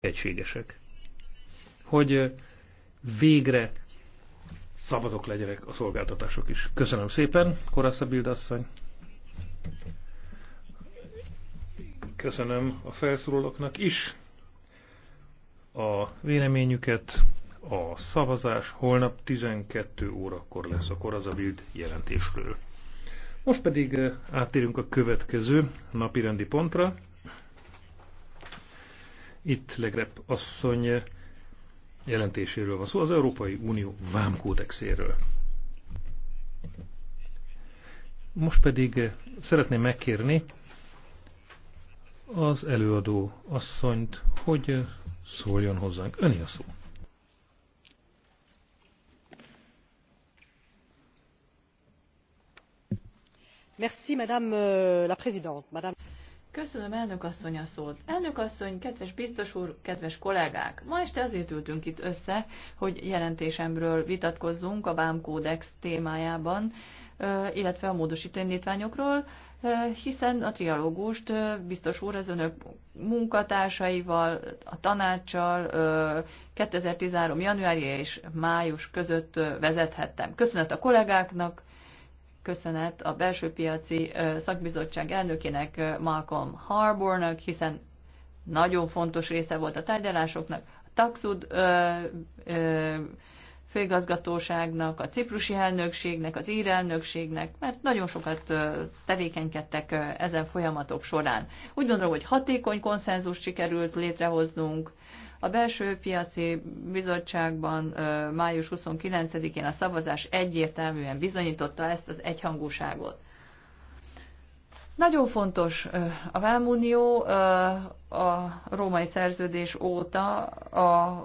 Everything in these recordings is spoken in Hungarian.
egységesek. Hogy végre szabadok legyenek a szolgáltatások is. Köszönöm szépen, Korasza Bildasszony. Köszönöm a felszólalóknak is a véleményüket. A szavazás holnap 12 órakor lesz a Korazabild jelentésről. Most pedig áttérünk a következő napirendi pontra. Itt Legrep asszony jelentéséről van szó, az Európai Unió vámkódexéről. Most pedig szeretném megkérni az előadó asszonyt, hogy szóljon hozzánk. Öni a szó. Merci, Madame euh, la Présidente. Madame... Köszönöm, elnök asszony a szót. Elnök asszony, kedves biztos úr, kedves kollégák! Ma este azért ültünk itt össze, hogy jelentésemről vitatkozzunk a BÁM-kódex témájában, illetve a módosító indítványokról, hiszen a trialógust biztos úr az önök munkatársaival, a tanácssal 2013. januárja és május között vezethettem. Köszönet a kollégáknak, köszönet a belső piaci szakbizottság elnökének Malcolm Harbornak, hiszen nagyon fontos része volt a tárgyalásoknak, a Taxud ö, ö, főigazgatóságnak, a ciprusi elnökségnek, az ír elnökségnek, mert nagyon sokat tevékenykedtek ezen folyamatok során. Úgy gondolom, hogy hatékony konszenzus sikerült létrehoznunk, a belső piaci bizottságban május 29-én a szavazás egyértelműen bizonyította ezt az egyhangúságot. Nagyon fontos a Vámunió a római szerződés óta a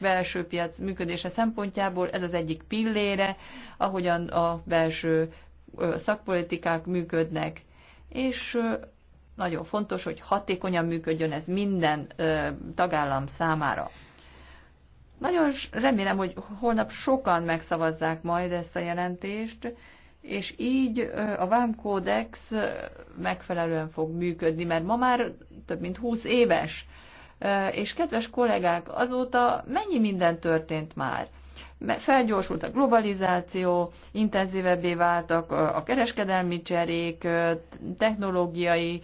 belső piac működése szempontjából, ez az egyik pillére, ahogyan a belső szakpolitikák működnek. És nagyon fontos, hogy hatékonyan működjön ez minden tagállam számára. Nagyon remélem, hogy holnap sokan megszavazzák majd ezt a jelentést, és így a vámkódex megfelelően fog működni, mert ma már több mint 20 éves. És kedves kollégák, azóta mennyi minden történt már? Felgyorsult a globalizáció, intenzívebbé váltak a kereskedelmi cserék, technológiai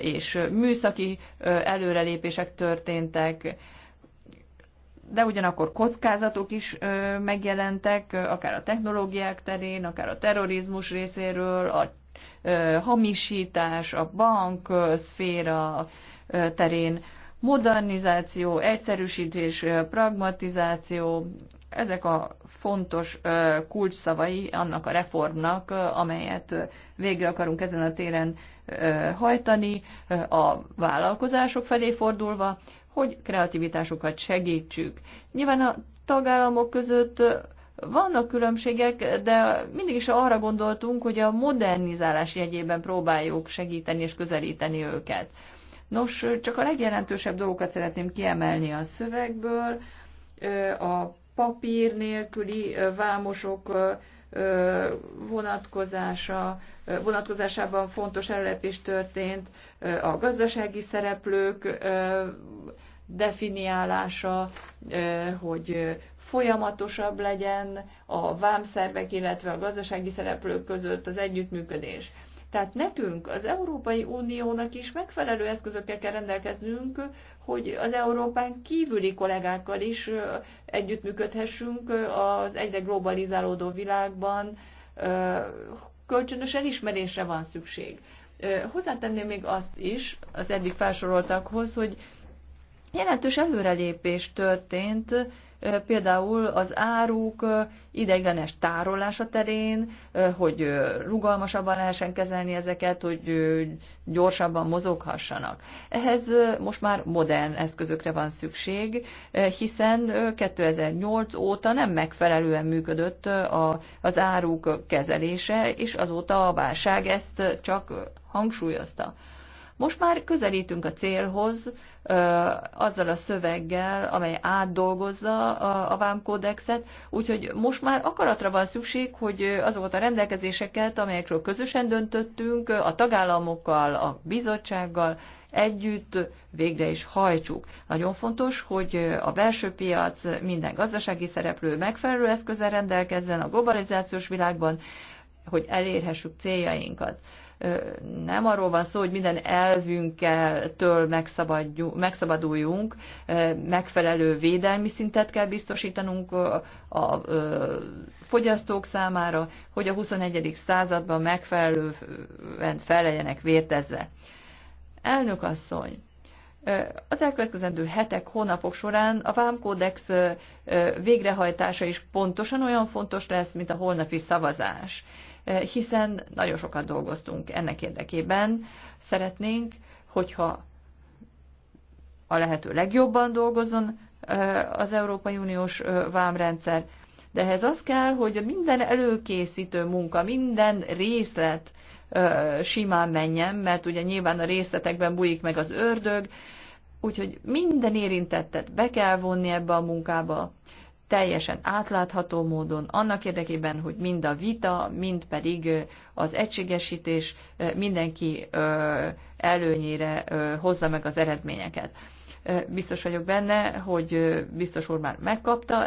és műszaki előrelépések történtek, de ugyanakkor kockázatok is megjelentek, akár a technológiák terén, akár a terrorizmus részéről, a hamisítás, a bank szféra terén, modernizáció, egyszerűsítés, pragmatizáció, ezek a fontos kulcsszavai annak a reformnak, amelyet végre akarunk ezen a téren hajtani, a vállalkozások felé fordulva, hogy kreativitásukat segítsük. Nyilván a tagállamok között vannak különbségek, de mindig is arra gondoltunk, hogy a modernizálás jegyében próbáljuk segíteni és közelíteni őket. Nos, csak a legjelentősebb dolgokat szeretném kiemelni a szövegből. A papír nélküli vámosok vonatkozása, vonatkozásában fontos ellepés történt, a gazdasági szereplők definiálása, hogy folyamatosabb legyen a vámszervek, illetve a gazdasági szereplők között az együttműködés. Tehát nekünk, az Európai Uniónak is megfelelő eszközökkel kell rendelkeznünk, hogy az Európán kívüli kollégákkal is együttműködhessünk az egyre globalizálódó világban, kölcsönös elismerésre van szükség. Hozzátenném még azt is az eddig felsoroltakhoz, hogy jelentős előrelépés történt például az áruk ideiglenes tárolása terén, hogy rugalmasabban lehessen kezelni ezeket, hogy gyorsabban mozoghassanak. Ehhez most már modern eszközökre van szükség, hiszen 2008 óta nem megfelelően működött az áruk kezelése, és azóta a válság ezt csak hangsúlyozta. Most már közelítünk a célhoz azzal a szöveggel, amely átdolgozza a vámkódexet, úgyhogy most már akaratra van szükség, hogy azokat a rendelkezéseket, amelyekről közösen döntöttünk, a tagállamokkal, a bizottsággal együtt végre is hajtsuk. Nagyon fontos, hogy a belső piac minden gazdasági szereplő megfelelő eszközzel rendelkezzen a globalizációs világban, hogy elérhessük céljainkat nem arról van szó, hogy minden elvünkkel megszabaduljunk, megfelelő védelmi szintet kell biztosítanunk a fogyasztók számára, hogy a 21. században megfelelően feleljenek vértezve. Elnök asszony, az elkövetkezendő hetek, hónapok során a vámkódex végrehajtása is pontosan olyan fontos lesz, mint a holnapi szavazás. Eh, hiszen nagyon sokat dolgoztunk ennek érdekében. Szeretnénk, hogyha a lehető legjobban dolgozon eh, az Európai Uniós eh, vámrendszer, de ehhez az kell, hogy minden előkészítő munka, minden részlet simán menjen, mert ugye nyilván a részletekben bújik meg az ördög, úgyhogy minden érintettet be kell vonni ebbe a munkába, teljesen átlátható módon, annak érdekében, hogy mind a vita, mind pedig az egységesítés mindenki előnyére hozza meg az eredményeket. Biztos vagyok benne, hogy biztos úr már megkapta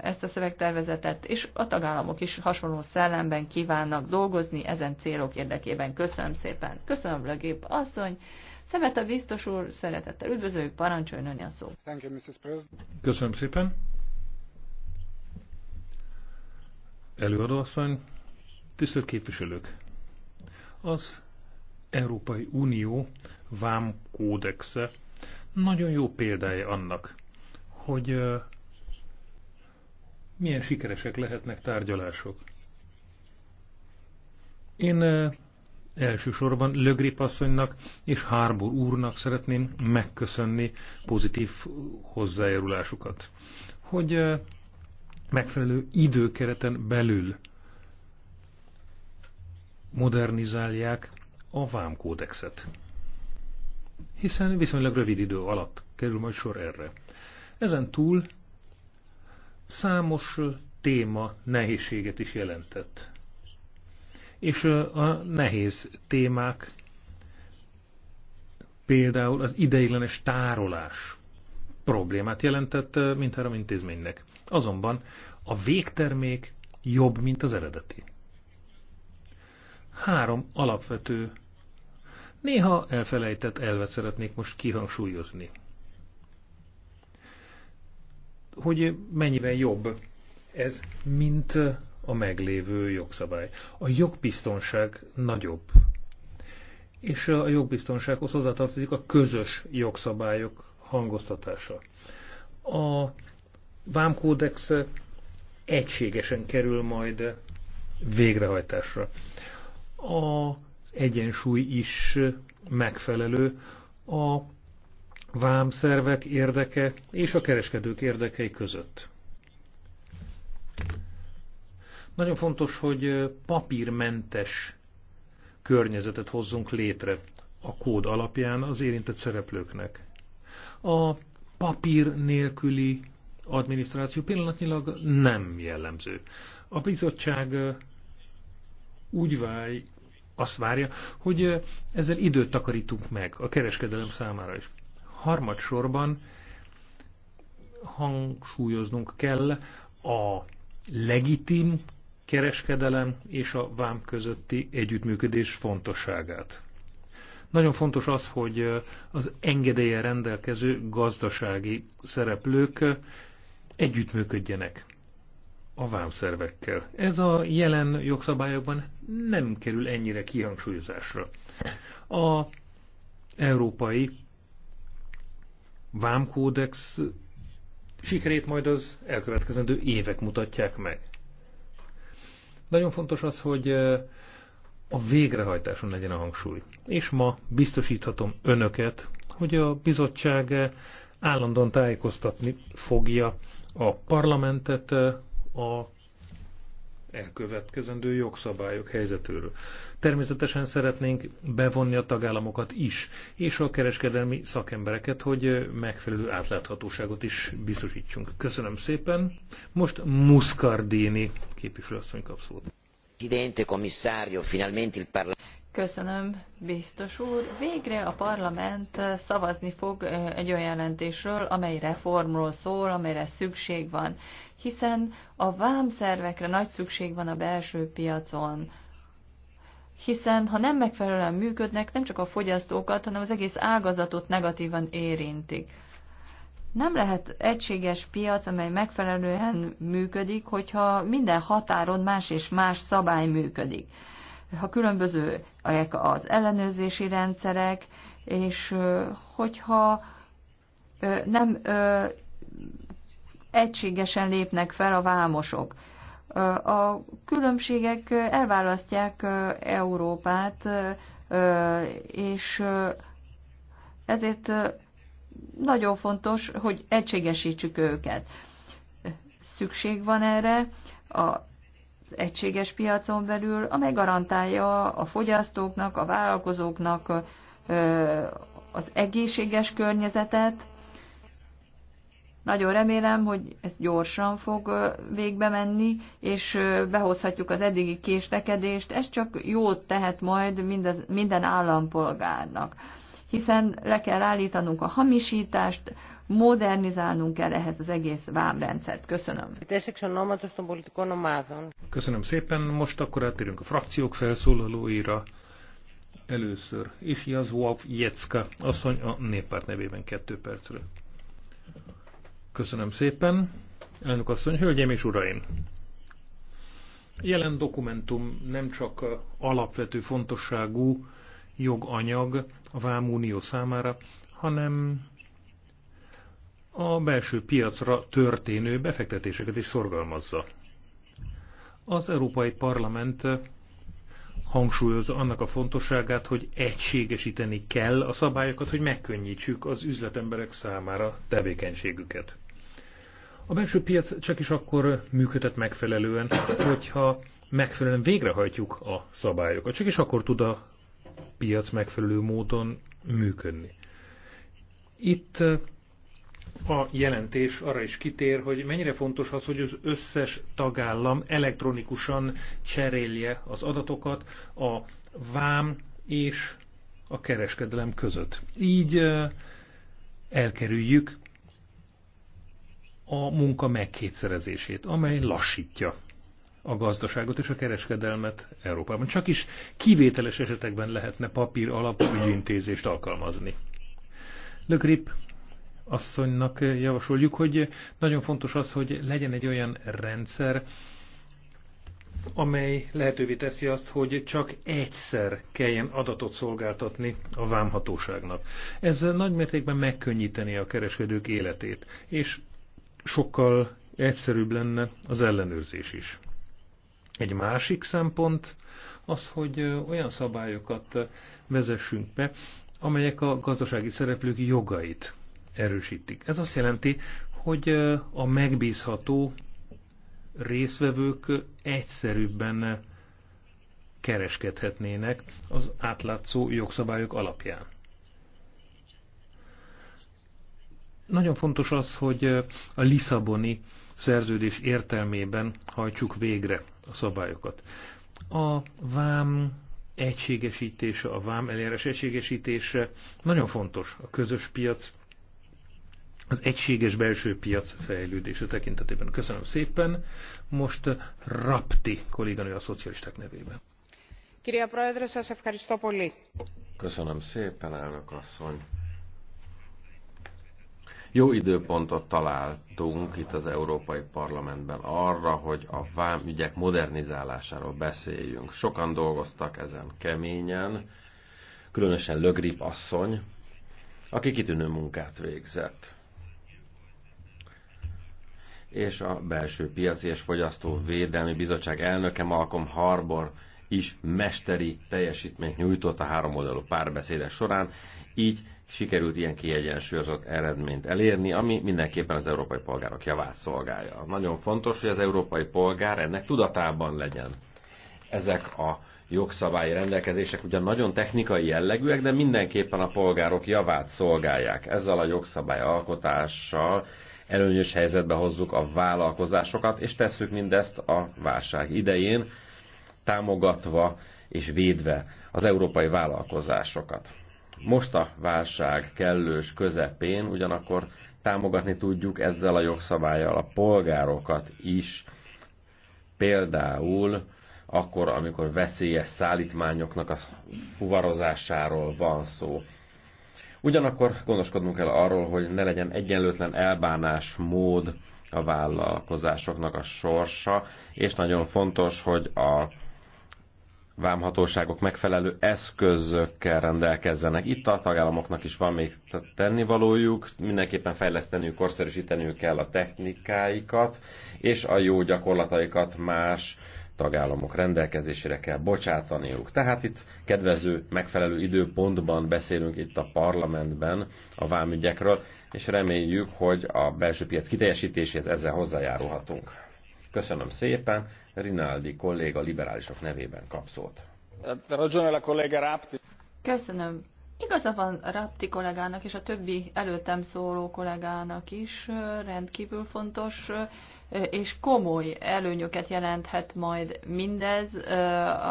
ezt a szövegtervezetet, és a tagállamok is hasonló szellemben kívánnak dolgozni ezen célok érdekében. Köszönöm szépen. Köszönöm, Lögép asszony. Szemet a biztos úr, szeretettel üdvözöljük, parancsoljon a szó. Köszönöm szépen. Előadóasszony, tisztelt képviselők! Az Európai Unió vám kódexe nagyon jó példája annak, hogy milyen sikeresek lehetnek tárgyalások. Én elsősorban Lögrip asszonynak és Harbour úrnak szeretném megköszönni pozitív hozzájárulásukat, hogy megfelelő időkereten belül modernizálják a vámkódexet. Hiszen viszonylag rövid idő alatt kerül majd sor erre. Ezen túl számos téma nehézséget is jelentett. És a nehéz témák például az ideiglenes tárolás problémát jelentett mindhárom intézménynek. Azonban a végtermék jobb, mint az eredeti. Három alapvető, néha elfelejtett elvet szeretnék most kihangsúlyozni. Hogy mennyiben jobb ez, mint a meglévő jogszabály. A jogbiztonság nagyobb. És a jogbiztonsághoz hozzátartozik a közös jogszabályok hangoztatása. A vámkódex egységesen kerül majd végrehajtásra. A egyensúly is megfelelő a vámszervek érdeke és a kereskedők érdekei között. Nagyon fontos, hogy papírmentes környezetet hozzunk létre a kód alapján az érintett szereplőknek. A papír nélküli adminisztráció pillanatnyilag nem jellemző. A bizottság úgy válj, azt várja, hogy ezzel időt takarítunk meg a kereskedelem számára is. Harmadsorban hangsúlyoznunk kell a legitim kereskedelem és a vám közötti együttműködés fontosságát. Nagyon fontos az, hogy az engedélye rendelkező gazdasági szereplők együttműködjenek a vámszervekkel. Ez a jelen jogszabályokban nem kerül ennyire kihangsúlyozásra. A európai vámkódex sikerét majd az elkövetkezendő évek mutatják meg. Nagyon fontos az, hogy a végrehajtáson legyen a hangsúly. És ma biztosíthatom önöket, hogy a bizottság állandóan tájékoztatni fogja a parlamentet a elkövetkezendő jogszabályok helyzetéről. Természetesen szeretnénk bevonni a tagállamokat is, és a kereskedelmi szakembereket, hogy megfelelő átláthatóságot is biztosítsunk. Köszönöm szépen. Most Muscardini képviselőasszony kap Presidente, commissario, finalmente il Parlamento Köszönöm, biztos úr. Végre a parlament eh, szavazni fog eh, egy olyan jelentésről, amely reformról szól, amelyre szükség van, hiszen a vámszervekre nagy szükség van a belső piacon. Hiszen ha nem megfelelően működnek, nem csak a fogyasztókat, hanem az egész ágazatot negatívan érintik. Nem lehet egységes piac, amely megfelelően működik, hogyha minden határon más és más szabály működik ha különböző az ellenőrzési rendszerek, és hogyha nem egységesen lépnek fel a vámosok. A különbségek elválasztják Európát, és ezért nagyon fontos, hogy egységesítsük őket. Szükség van erre, a egységes piacon belül, amely garantálja a fogyasztóknak, a vállalkozóknak az egészséges környezetet. Nagyon remélem, hogy ez gyorsan fog végbe menni, és behozhatjuk az eddigi késlekedést. Ez csak jót tehet majd minden állampolgárnak hiszen le kell állítanunk a hamisítást, modernizálnunk kell ehhez az egész vámrendszert. Köszönöm. Köszönöm szépen. Most akkor átérünk a frakciók felszólalóira. Először is Jazwov Jecka, asszony a néppárt nevében kettő percre. Köszönöm szépen. Elnök asszony, hölgyeim és uraim! Jelen dokumentum nem csak alapvető fontosságú joganyag a Vámunió számára, hanem a belső piacra történő befektetéseket is szorgalmazza. Az Európai Parlament hangsúlyozza annak a fontosságát, hogy egységesíteni kell a szabályokat, hogy megkönnyítsük az üzletemberek számára tevékenységüket. A belső piac csak is akkor működhet megfelelően, hogyha megfelelően végrehajtjuk a szabályokat. Csak is akkor tud a piac megfelelő módon működni. Itt a jelentés arra is kitér, hogy mennyire fontos az, hogy az összes tagállam elektronikusan cserélje az adatokat a vám és a kereskedelem között. Így elkerüljük a munka megkétszerezését, amely lassítja a gazdaságot és a kereskedelmet Európában. Csak is kivételes esetekben lehetne papír alapú ügyintézést alkalmazni. Le Grip asszonynak javasoljuk, hogy nagyon fontos az, hogy legyen egy olyan rendszer, amely lehetővé teszi azt, hogy csak egyszer kelljen adatot szolgáltatni a vámhatóságnak. Ez nagymértékben megkönnyíteni a kereskedők életét, és sokkal egyszerűbb lenne az ellenőrzés is. Egy másik szempont az, hogy olyan szabályokat vezessünk be, amelyek a gazdasági szereplők jogait erősítik. Ez azt jelenti, hogy a megbízható részvevők egyszerűbben kereskedhetnének az átlátszó jogszabályok alapján. Nagyon fontos az, hogy a Lisszaboni szerződés értelmében hajtsuk végre a szabályokat. A vám egységesítése, a vám eljárás egységesítése nagyon fontos a közös piac, az egységes belső piac fejlődése tekintetében. Köszönöm szépen. Most Rapti kolléganő a szocialisták nevében. Köszönöm szépen, elnök asszony. Jó időpontot találtunk itt az Európai Parlamentben arra, hogy a vámügyek modernizálásáról beszéljünk. Sokan dolgoztak ezen keményen, különösen Lögrip asszony, aki kitűnő munkát végzett és a Belső Piaci és Fogyasztó Védelmi Bizottság elnöke Malcolm Harbour is mesteri teljesítményt nyújtott a oldalú párbeszédek során, így sikerült ilyen kiegyensúlyozott eredményt elérni, ami mindenképpen az európai polgárok javát szolgálja. Nagyon fontos, hogy az európai polgár ennek tudatában legyen. Ezek a jogszabályi rendelkezések ugyan nagyon technikai jellegűek, de mindenképpen a polgárok javát szolgálják. Ezzel a jogszabály alkotással előnyös helyzetbe hozzuk a vállalkozásokat, és tesszük mindezt a válság idején, támogatva és védve az európai vállalkozásokat most a válság kellős közepén, ugyanakkor támogatni tudjuk ezzel a jogszabályjal a polgárokat is, például akkor, amikor veszélyes szállítmányoknak a fuvarozásáról van szó. Ugyanakkor gondoskodnunk kell arról, hogy ne legyen egyenlőtlen elbánás mód a vállalkozásoknak a sorsa, és nagyon fontos, hogy a vámhatóságok megfelelő eszközökkel rendelkezzenek. Itt a tagállamoknak is van még tennivalójuk, mindenképpen fejleszteniük, korszerűsíteniük kell a technikáikat, és a jó gyakorlataikat más tagállamok rendelkezésére kell bocsátaniuk. Tehát itt kedvező, megfelelő időpontban beszélünk itt a parlamentben a vámügyekről, és reméljük, hogy a belső piac kiteljesítéséhez ezzel hozzájárulhatunk. Köszönöm szépen! Rinaldi kolléga liberálisok nevében kap szót. Eh, Köszönöm. Igaza van Rapti kollégának és a többi előttem szóló kollégának is, eh, rendkívül fontos eh, és komoly előnyöket jelenthet majd mindez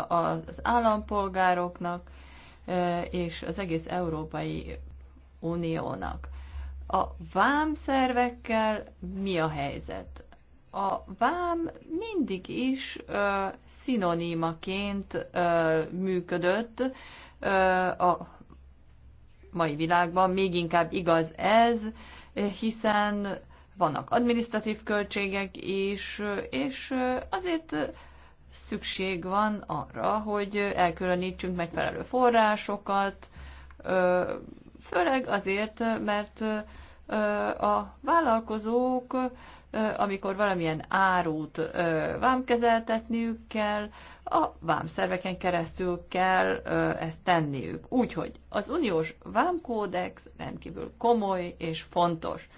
az állampolgároknak és az egész Európai Uniónak. A vámszervekkel mi a helyzet? a vám mindig is ö, szinonímaként ö, működött ö, a mai világban, még inkább igaz ez, hiszen vannak adminisztratív költségek is, és azért szükség van arra, hogy elkülönítsünk megfelelő forrásokat, főleg azért, mert a vállalkozók amikor valamilyen árut vámkezeltetniük kell, a vámszerveken keresztül kell ezt tenniük. Úgyhogy az uniós vámkódex rendkívül komoly és fontos.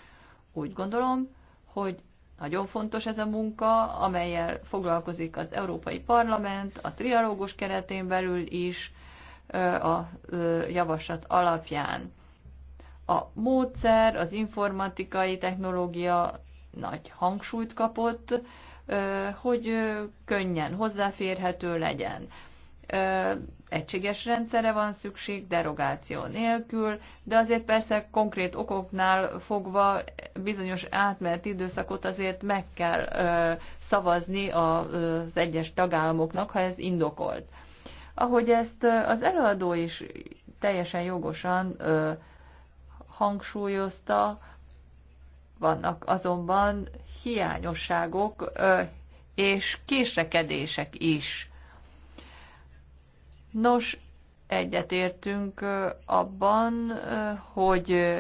Úgy gondolom, hogy nagyon fontos ez a munka, amelyel foglalkozik az Európai Parlament, a trialógus keretén belül is a javaslat alapján. A módszer, az informatikai technológia nagy hangsúlyt kapott, hogy könnyen hozzáférhető legyen. Egységes rendszere van szükség, derogáció nélkül, de azért persze konkrét okoknál fogva bizonyos átmeneti időszakot azért meg kell szavazni az egyes tagállamoknak, ha ez indokolt. Ahogy ezt az előadó is teljesen jogosan hangsúlyozta, vannak azonban hiányosságok és késrekedések is. Nos, egyetértünk abban, hogy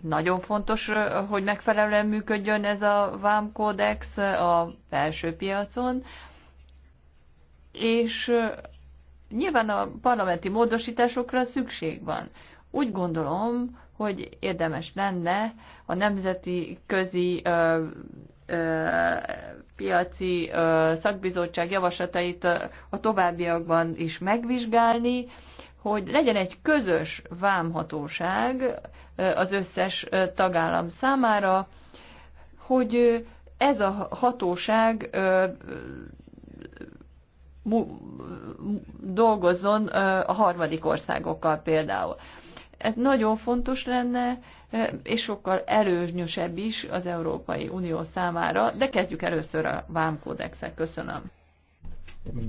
nagyon fontos, hogy megfelelően működjön ez a vámkódex a belső piacon, és nyilván a parlamenti módosításokra szükség van. Úgy gondolom, hogy érdemes lenne a nemzeti közi ö, ö, piaci ö, szakbizottság javaslatait a továbbiakban is megvizsgálni, hogy legyen egy közös vámhatóság az összes tagállam számára, hogy ez a hatóság ö, dolgozzon a harmadik országokkal például. Ez nagyon fontos lenne, és sokkal előnyösebb is az Európai Unió számára, de kezdjük először a vámkódexek. Köszönöm.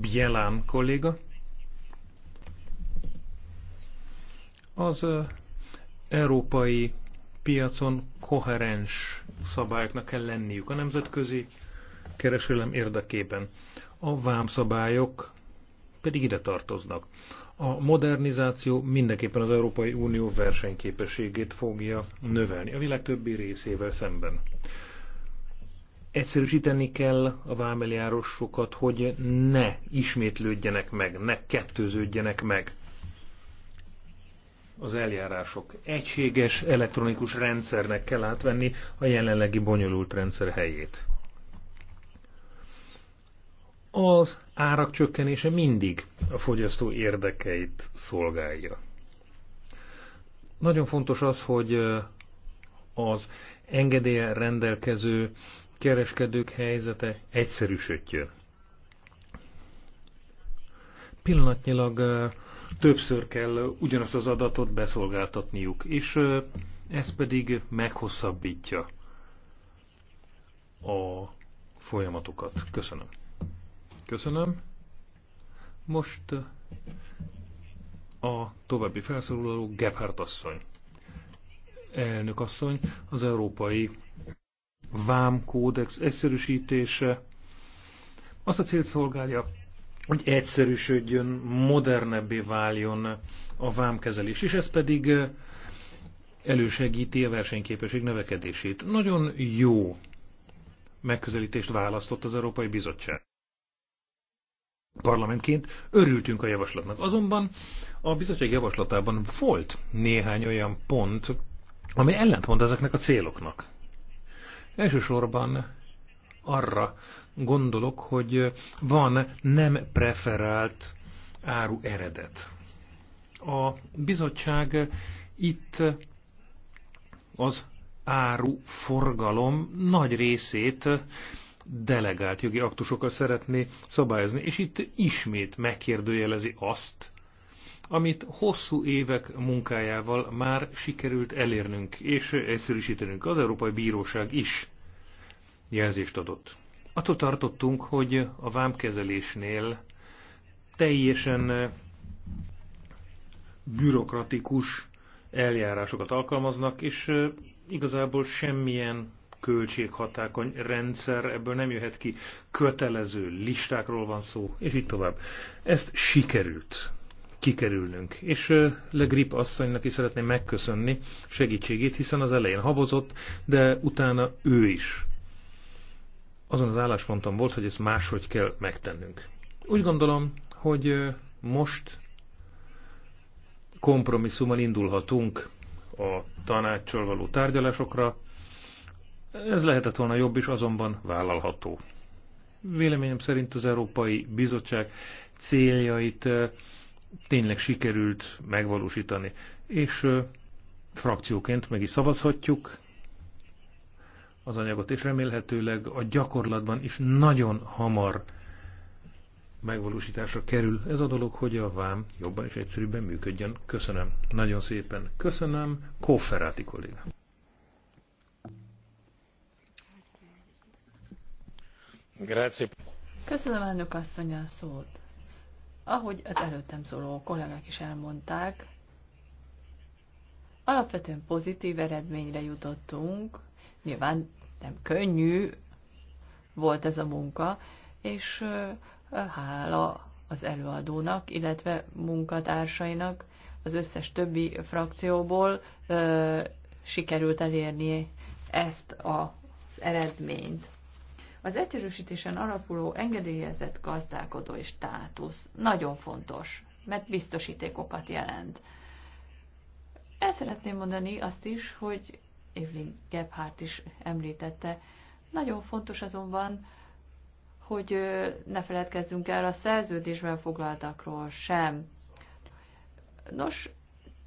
Bielám kolléga. Az európai piacon koherens szabályoknak kell lenniük a nemzetközi keresélem érdekében. A vámszabályok pedig ide tartoznak. A modernizáció mindenképpen az Európai Unió versenyképességét fogja növelni a világ többi részével szemben. Egyszerűsíteni kell a vámeljárosokat, hogy ne ismétlődjenek meg, ne kettőződjenek meg az eljárások. Egységes elektronikus rendszernek kell átvenni a jelenlegi bonyolult rendszer helyét az árak csökkenése mindig a fogyasztó érdekeit szolgálja. Nagyon fontos az, hogy az engedélye rendelkező kereskedők helyzete egyszerűsödjön. Pillanatnyilag többször kell ugyanazt az adatot beszolgáltatniuk, és ez pedig meghosszabbítja a folyamatokat. Köszönöm. Köszönöm. Most uh, a további felszólaló Gebhardt asszony. Elnök asszony, az európai vámkódex egyszerűsítése azt a célt szolgálja, hogy egyszerűsödjön, modernebbé váljon a vámkezelés, és ez pedig uh, elősegíti a versenyképesség növekedését. Nagyon jó megközelítést választott az Európai Bizottság parlamentként örültünk a javaslatnak. Azonban a bizottság javaslatában volt néhány olyan pont, ami ellentmond ezeknek a céloknak. Elsősorban arra gondolok, hogy van nem preferált áru eredet. A bizottság itt az áru forgalom nagy részét delegált jogi aktusokat szeretné szabályozni, és itt ismét megkérdőjelezi azt, amit hosszú évek munkájával már sikerült elérnünk és egyszerűsítenünk. Az Európai Bíróság is jelzést adott. Attól tartottunk, hogy a vámkezelésnél teljesen bürokratikus eljárásokat alkalmaznak, és eh, igazából semmilyen költséghatákony rendszer, ebből nem jöhet ki, kötelező listákról van szó, és így tovább. Ezt sikerült kikerülnünk. És Le Grip asszonynak is szeretném megköszönni segítségét, hiszen az elején habozott, de utána ő is azon az állásponton volt, hogy ezt máshogy kell megtennünk. Úgy gondolom, hogy most kompromisszummal indulhatunk a tanácssal való tárgyalásokra, ez lehetett volna jobb is, azonban vállalható. Véleményem szerint az Európai Bizottság céljait tényleg sikerült megvalósítani, és frakcióként meg is szavazhatjuk az anyagot, és remélhetőleg a gyakorlatban is nagyon hamar megvalósításra kerül ez a dolog, hogy a vám jobban és egyszerűbben működjön. Köszönöm. Nagyon szépen köszönöm. Kóferáti kollégám. Köszönöm elnök asszony a szót. Ahogy az előttem szóló kollégák is elmondták, alapvetően pozitív eredményre jutottunk. Nyilván nem könnyű volt ez a munka, és hála az előadónak, illetve munkatársainak az összes többi frakcióból sikerült elérni ezt az eredményt. Az egyszerűsítésen alapuló engedélyezett gazdálkodói státusz nagyon fontos, mert biztosítékokat jelent. El szeretném mondani azt is, hogy Evelyn Gebhardt is említette, nagyon fontos azonban, hogy ne feledkezzünk el a szerződésben foglaltakról sem. Nos,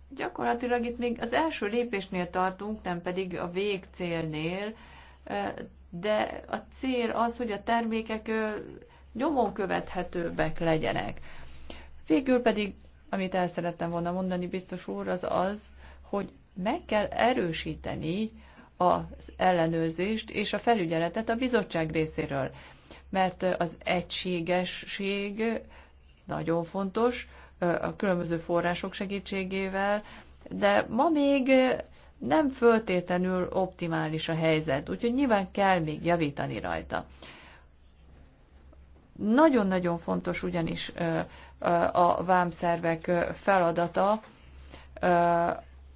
gyakorlatilag itt még az első lépésnél tartunk, nem pedig a végcélnél, de a cél az, hogy a termékek nyomon követhetőbbek legyenek. Végül pedig, amit el szerettem volna mondani, biztos úr, az az, hogy meg kell erősíteni az ellenőrzést és a felügyeletet a bizottság részéről, mert az egységesség nagyon fontos a különböző források segítségével, de ma még nem föltétlenül optimális a helyzet, úgyhogy nyilván kell még javítani rajta. Nagyon-nagyon fontos ugyanis a vámszervek feladata,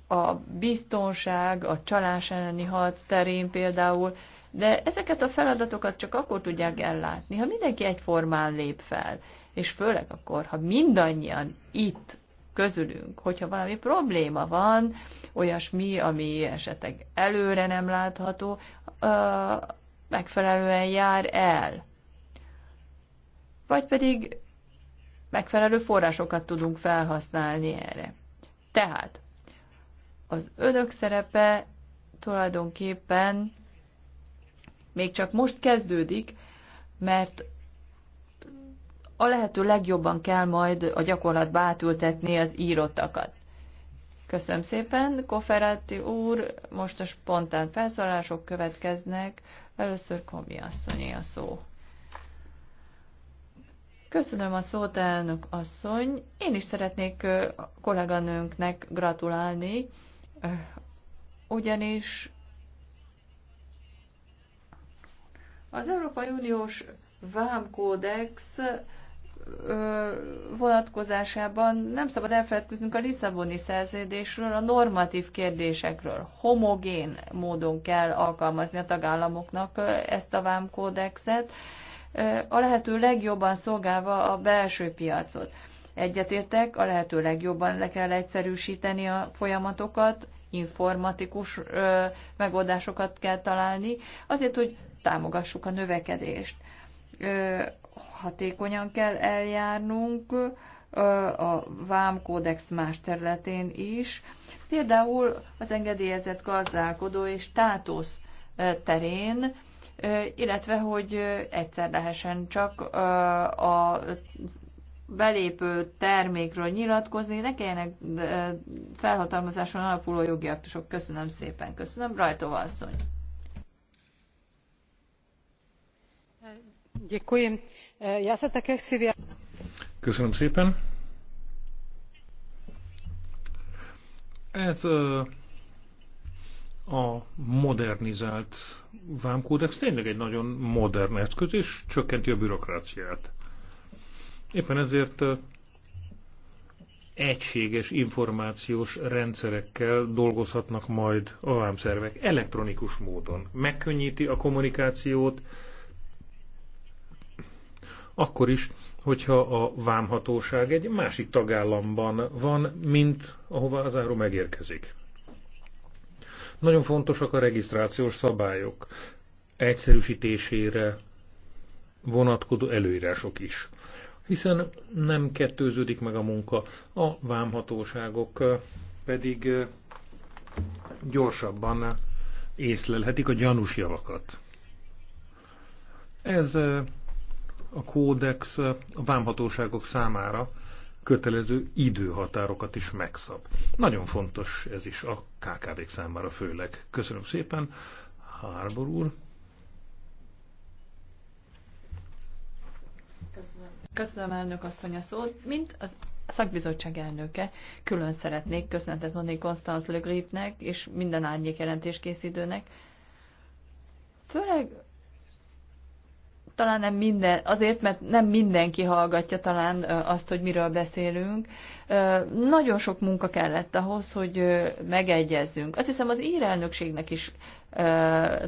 a biztonság, a csalás elleni harc terén például, de ezeket a feladatokat csak akkor tudják ellátni, ha mindenki egyformán lép fel, és főleg akkor, ha mindannyian itt közülünk. Hogyha valami probléma van, olyasmi, ami esetleg előre nem látható, megfelelően jár el. Vagy pedig megfelelő forrásokat tudunk felhasználni erre. Tehát az önök szerepe tulajdonképpen még csak most kezdődik, mert a lehető legjobban kell majd a gyakorlatba átültetni az írottakat. Köszönöm szépen, Koferáti úr, most a spontán felszólások következnek, először Komi asszonyé a szó. Köszönöm a szót, elnök asszony. Én is szeretnék a kolléganőnknek gratulálni, ugyanis az Európai Uniós vámkódex vonatkozásában nem szabad elfeledkeznünk a Lisszaboni szerződésről, a normatív kérdésekről. Homogén módon kell alkalmazni a tagállamoknak ezt a vámkódexet, a lehető legjobban szolgálva a belső piacot. Egyetértek, a lehető legjobban le kell egyszerűsíteni a folyamatokat, informatikus megoldásokat kell találni, azért, hogy támogassuk a növekedést hatékonyan kell eljárnunk a vámkódex más területén is. Például az engedélyezett gazdálkodó és státusz terén, illetve hogy egyszer lehessen csak a belépő termékről nyilatkozni, ne kelljenek felhatalmazáson alapuló jogi aktusok. Köszönöm szépen, köszönöm. Rajtova asszony. Köszönöm. Eh, Köszönöm szépen. Ez eh, a modernizált vámkódex tényleg egy nagyon modern eszköz, és csökkenti a bürokráciát. Éppen ezért eh, egységes információs rendszerekkel dolgozhatnak majd a vámszervek elektronikus módon. Megkönnyíti a kommunikációt, akkor is, hogyha a vámhatóság egy másik tagállamban van, mint ahova az áru megérkezik. Nagyon fontosak a regisztrációs szabályok egyszerűsítésére vonatkozó előírások is. Hiszen nem kettőződik meg a munka, a vámhatóságok pedig gyorsabban észlelhetik a gyanús javakat. Ez a kódex a vámhatóságok számára kötelező időhatárokat is megszab. Nagyon fontos ez is a KKV-k számára főleg. Köszönöm szépen, Harbor úr. Köszönöm. Köszönöm elnök asszony a szót. Mint az a szakbizottság elnöke. Külön szeretnék köszönetet mondani Konstanz Le Gripnek és minden árnyék jelentés készítőnek. Főleg talán nem minden, azért, mert nem mindenki hallgatja talán azt, hogy miről beszélünk. Nagyon sok munka kellett ahhoz, hogy megegyezzünk. Azt hiszem az ír elnökségnek is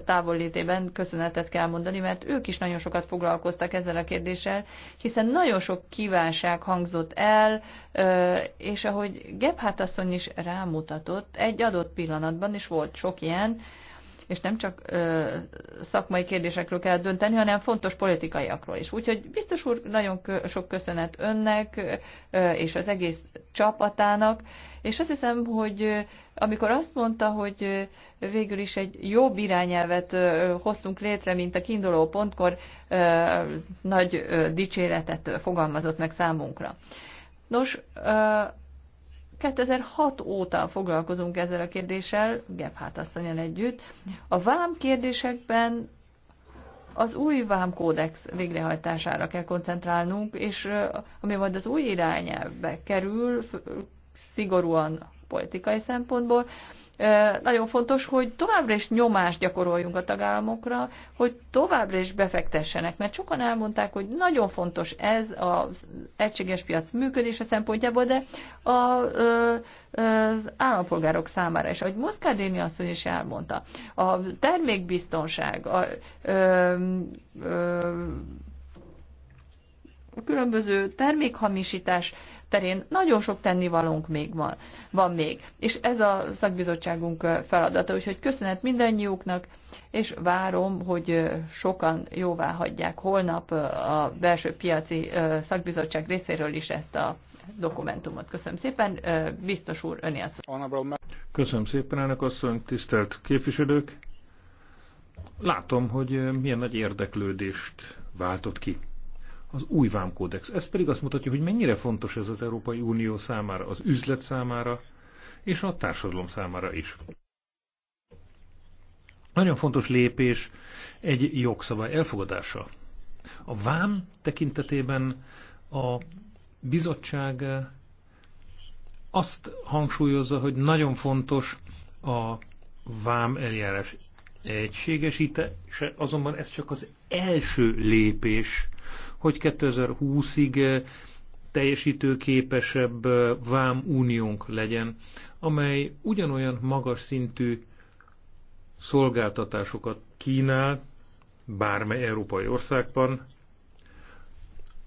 távollétében köszönetet kell mondani, mert ők is nagyon sokat foglalkoztak ezzel a kérdéssel, hiszen nagyon sok kívánság hangzott el, és ahogy Gebhardt asszony is rámutatott, egy adott pillanatban is volt sok ilyen, és nem csak ö, szakmai kérdésekről kell dönteni, hanem fontos politikaiakról is. Úgyhogy biztos úr, nagyon sok köszönet önnek ö, és az egész csapatának, és azt hiszem, hogy ö, amikor azt mondta, hogy ö, végül is egy jobb irányelvet ö, hoztunk létre, mint a kiinduló pontkor, ö, nagy ö, dicséretet fogalmazott meg számunkra. Nos, 2006 óta foglalkozunk ezzel a kérdéssel, Gebhardt asszonyal együtt. A vám kérdésekben az új vámkódex végrehajtására kell koncentrálnunk, és ami majd az új irányelvbe kerül, szigorúan politikai szempontból, nagyon fontos, hogy továbbra is nyomást gyakoroljunk a tagállamokra, hogy továbbra is befektessenek, mert sokan elmondták, hogy nagyon fontos ez az egységes piac működése szempontjából, de a, az állampolgárok számára is. Ahogy Moszkádéni asszony is elmondta, a termékbiztonság, a, a, a a különböző termékhamisítás terén nagyon sok tennivalónk még van, van még. És ez a szakbizottságunk feladata, úgyhogy köszönet mindannyiuknak, és várom, hogy sokan jóvá hagyják holnap a belső piaci szakbizottság részéről is ezt a dokumentumot. Köszönöm szépen, biztos úr, öné Köszönöm szépen, elnök asszony, tisztelt képviselők. Látom, hogy milyen nagy érdeklődést váltott ki az új vámkódex. Ez pedig azt mutatja, hogy mennyire fontos ez az Európai Unió számára, az üzlet számára és a társadalom számára is. Nagyon fontos lépés egy jogszabály elfogadása. A vám tekintetében a bizottság azt hangsúlyozza, hogy nagyon fontos a vám eljárás egységesítése, azonban ez csak az első lépés hogy 2020-ig eh, teljesítőképesebb eh, vámuniónk legyen, amely ugyanolyan magas szintű szolgáltatásokat kínál bármely európai országban,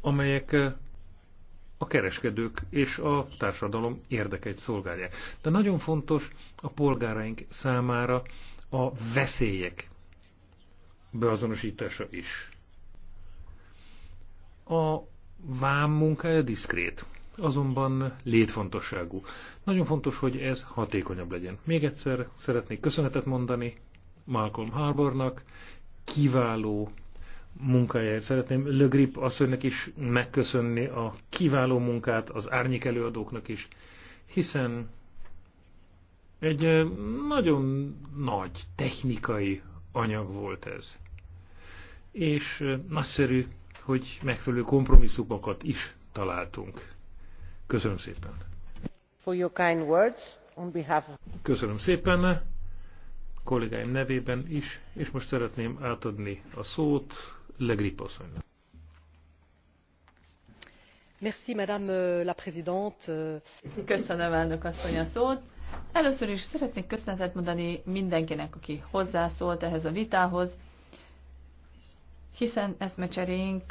amelyek eh, a kereskedők és a társadalom érdekeit szolgálják. De nagyon fontos a polgáraink számára a veszélyek beazonosítása is. A vám munkája diszkrét, azonban létfontosságú. Nagyon fontos, hogy ez hatékonyabb legyen. Még egyszer szeretnék köszönetet mondani Malcolm Harbornak, kiváló munkájáért. Szeretném Le Grip asszonynak is megköszönni a kiváló munkát, az árnyék előadóknak is, hiszen egy eh, nagyon nagy technikai anyag volt ez. És eh, nagyszerű hogy megfelelő kompromisszumokat is találtunk. Köszönöm szépen. For your kind words on behalf of... Köszönöm szépen kollégáim nevében is, és most szeretném átadni a szót Legrip asszonynak. Merci, Madame euh, la Présidente. Euh. Köszönöm, elnök asszony a szót. Először is szeretnék köszönetet mondani mindenkinek, aki hozzászólt ehhez a vitához hiszen eszmecserénk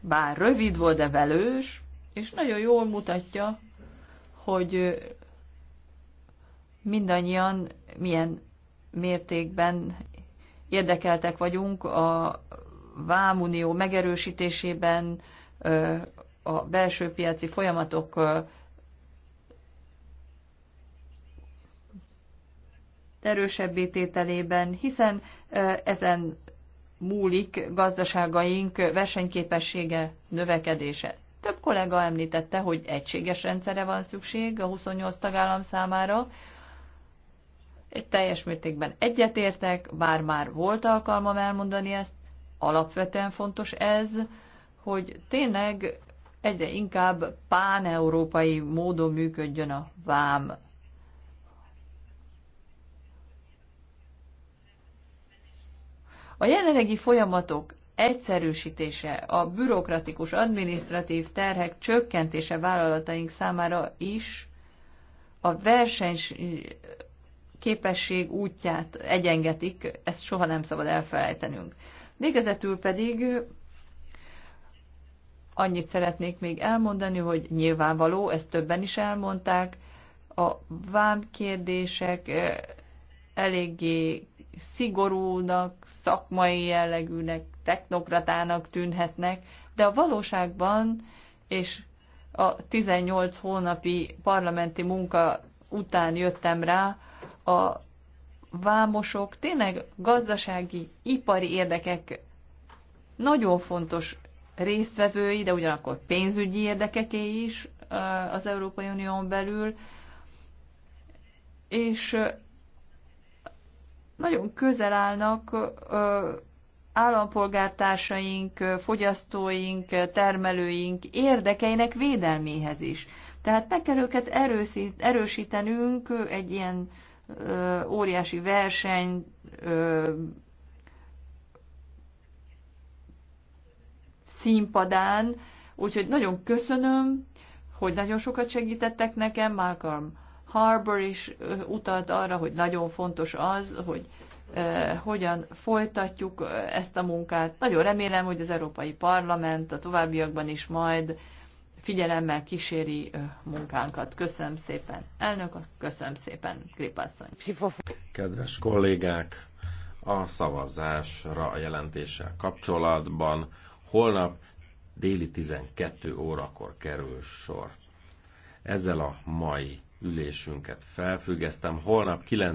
bár rövid volt, de velős, és nagyon jól mutatja, hogy mindannyian milyen mértékben érdekeltek vagyunk a vámunió megerősítésében, a belső piaci folyamatok erősebbé tételében, hiszen ezen múlik gazdaságaink versenyképessége növekedése. Több kollega említette, hogy egységes rendszere van szükség a 28 tagállam számára. Egy teljes mértékben egyetértek, bár már volt alkalmam elmondani ezt, alapvetően fontos ez, hogy tényleg egyre inkább páneurópai módon működjön a vám A jelenlegi folyamatok egyszerűsítése, a bürokratikus adminisztratív terhek csökkentése vállalataink számára is a versenyképesség képesség útját egyengetik, ezt soha nem szabad elfelejtenünk. Végezetül pedig annyit szeretnék még elmondani, hogy nyilvánvaló, ezt többen is elmondták, a vámkérdések eh, eléggé szigorúnak, szakmai jellegűnek, technokratának tűnhetnek, de a valóságban és a 18 hónapi parlamenti munka után jöttem rá, a vámosok tényleg gazdasági, ipari érdekek nagyon fontos résztvevői, de ugyanakkor pénzügyi érdekeké is az Európai Unión belül, és nagyon közel állnak állampolgártársaink, fogyasztóink, termelőink érdekeinek védelméhez is. Tehát meg kell őket erőszít, erősítenünk egy ilyen ö, óriási verseny ö, színpadán, úgyhogy nagyon köszönöm, hogy nagyon sokat segítettek nekem, Malcolm Harbour is utalt arra, hogy nagyon fontos az, hogy hogyan folytatjuk ezt a munkát. Nagyon remélem, hogy az Európai Parlament a továbbiakban is majd figyelemmel kíséri munkánkat. Köszönöm szépen, elnök, köszönöm szépen, Gripasszony. Kedves kollégák, a szavazásra a jelentéssel kapcsolatban holnap déli 12 órakor kerül sor. Ezzel a mai ülésünket felfüggesztem. Holnap 9